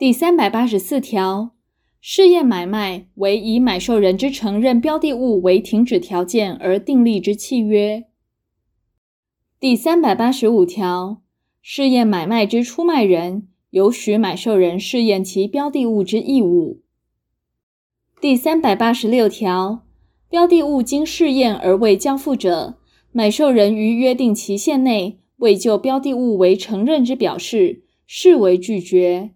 第三百八十四條，試驗買賣為以買受人之承認標的物為停止條件而訂立之契約。第三百八十五條，試驗買賣之出賣人有許買受人試驗其標的物之義務。第三百八十六條，標的物經試驗而未交付者，買受人於約定期限內未就標的物為承認之表示，視為拒絕。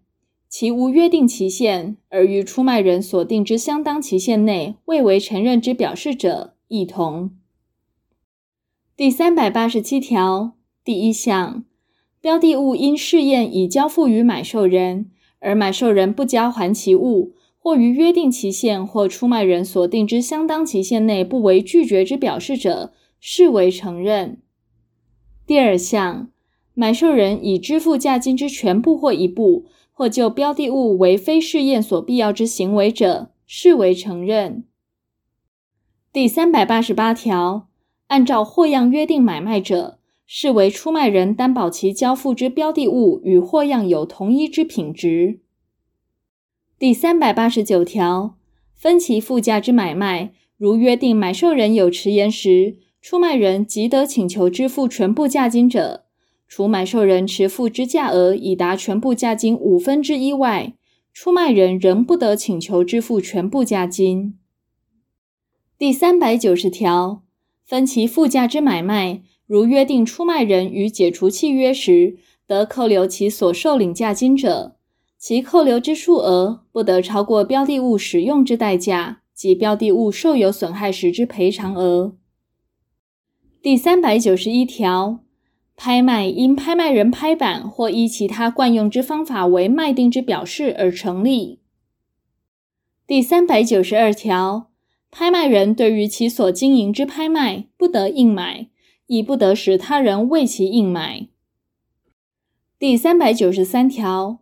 其無約定期限，而於出賣人所定之相當期限內未為承認之表示者，亦同。第三百八十七條第一項，標的物因試驗已交付於買受人，而買受人不交還其物，或於約定期限或出賣人所定之相當期限內不為拒絕之表示者，視為承認。第二項，買受人已支付價金之全部或一部。或就標的物為非試驗所必要之行為者，視為承認。第三百八十八條，按照貨樣約定買賣者，視為出賣人擔保其交付之標的物與貨樣有同一之品質。第三百八十九條，分期付價之買賣，如約定買受人有遲延時，出賣人即得請求支付全部價金者。除買受人遲付之價額已達全部價金五分之一外，出賣人仍不得請求支付全部價金。第三百九十條，分期付價之買賣，如約定出賣人於解除契約時，得扣留其所受領價金者，其扣留之數額不得超過標的物使用之代價及標的物受有損害時之賠償額。第三百九十一條。拍賣因拍賣人拍板或依其他慣用之方法為賣定之表示而成立。第三百九十二條，拍賣人對於其所經營之拍賣，不得應買，亦不得使他人為其應買。第三百九十三條，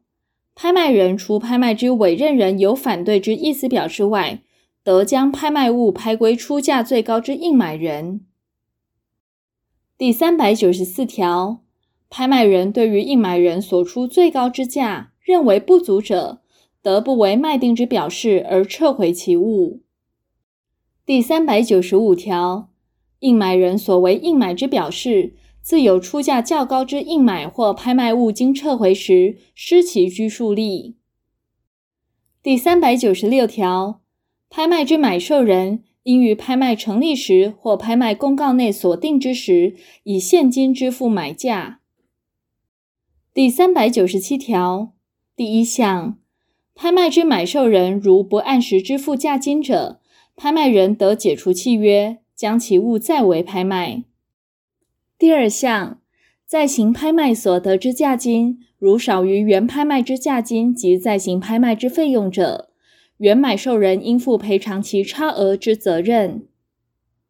拍賣人除拍賣之委任人有反對之意思表示外，得將拍賣物拍歸出價最高之應買人。第三百九十四條，拍賣人對於應買人所出最高之價認為不足者，得不為賣定之表示而撤回其物。第三百九十五條，應買人所為應買之表示，自有出價較高之應買或拍賣物經撤回時，失其拘束力。第三百九十六條，拍賣之買受人應於拍賣成立時或拍賣公告內鎖定之時，以現金支付買價。第三百九十七條第一項，拍賣之買受人如不按時支付價金者，拍賣人得解除契約，將其物再為拍賣。第二項，再行拍賣所得之價金如少於原拍賣之價金及再行拍賣之費用者，原買受人應負賠償其差額之責任。